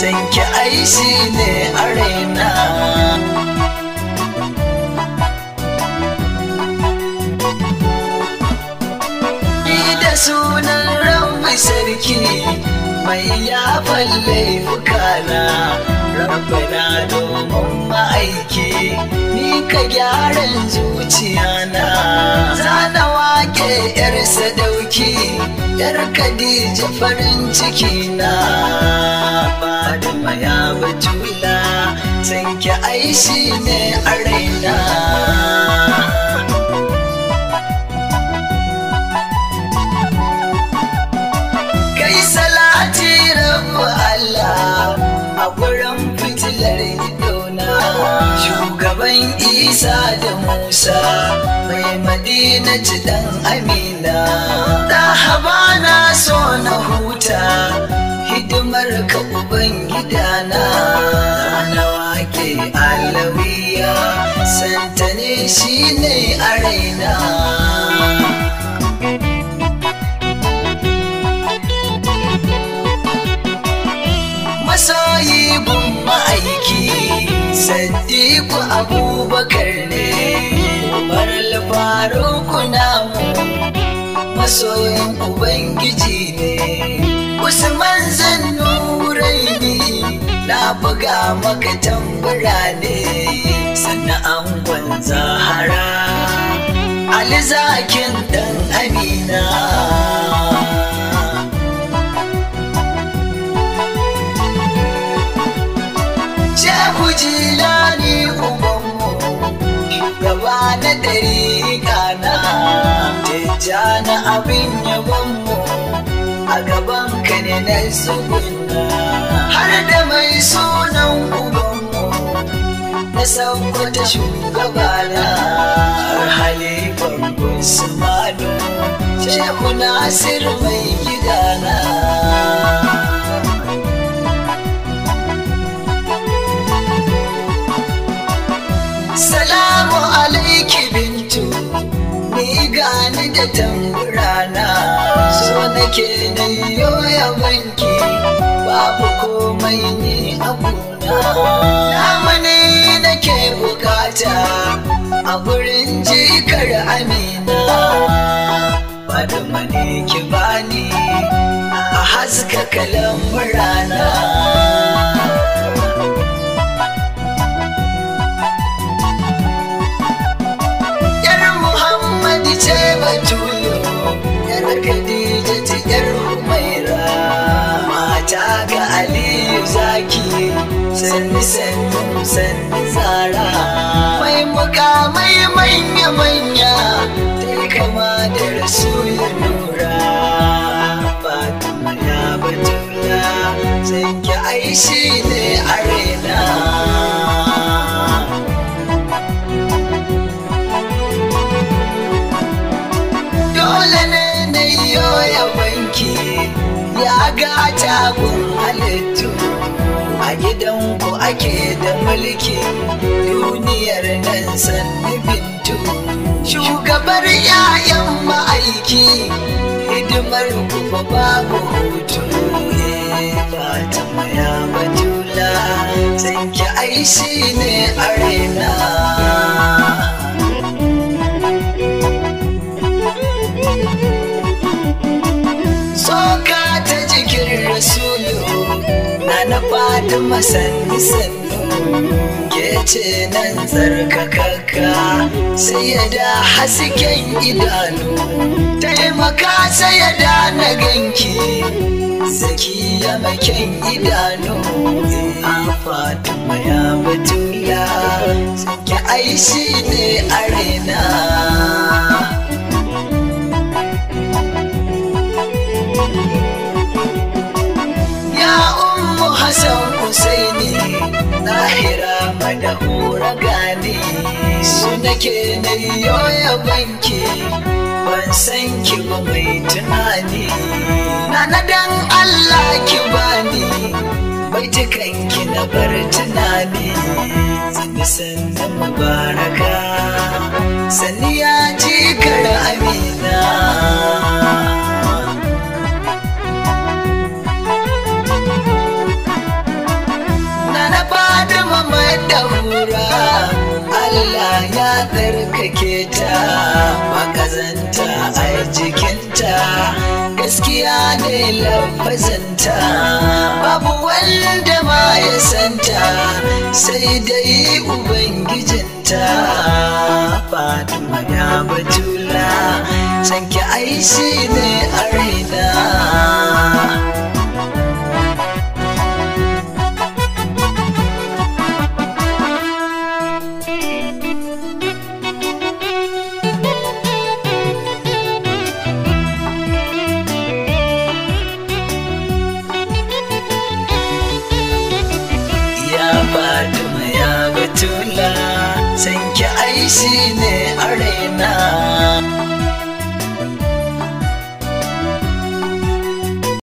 sanki ai shi ne a raina da sunan rabu sarki mai yafan fukana rabbana domin ma'aiki ka gyaran zuciya na zana wake yar sadauki yar kadija farin ciki na bada ya bajula sanke aishi ne a raina isa da musa mai madina ci dan amina haba na so na huta hidimar ka uban gidana na wake alawiya shi ne a raina masoyi gun ma'aiki sadiku abubakar ne baral faruku namu masoyin ubangiji ne usman zannurai ne na buga maka tambura ne sannan angon zahara ali zakin dan amina Amerika na abin yabonmu a gaban ka ne na har da mai sunan ubanmu na ta shugabana har halifar Usmanu Shehu Nasir mai gidana. da tamburana so nake na ya banki babu komai ne a gona namane nake bukata a gurin jikar amina bada mani ki bani a haskaka lamurana batulu yar Khadija ta yar Umaira mata ga Aliyu zaki sanni sanni sanni tsara mai manya manya ta yi kama da rasulun nura fatima ya batula sai ki aishi ne arena gata kun halittu a gidanku ake da mulki duniyar nan sannu bintu shugabar yayan ma'aiki hidimar ku ba babu hutu Fatima ya bajula sanki aishi ne a rena. da sanni sannu ke ce nan tsarkakakka sai ya da hasken idanu taimaka sai ya da na ganki zaki ya maken idanu a fatima ya batula sake aishi ne arena nake da yoya banki ban san ki ba mai tunani na dan Allah ki bani bai ki na bar tunani zan san mubaraka sani ya ji kar amina da Allah ya tsarkake ta makazanta a jikinta gaskiya ne lafazanta babu wanda ma ya santa sai dai ubangijinta fatima ya bajula sanki aishi ne a raina fatima ya batula sanke aishi ne arena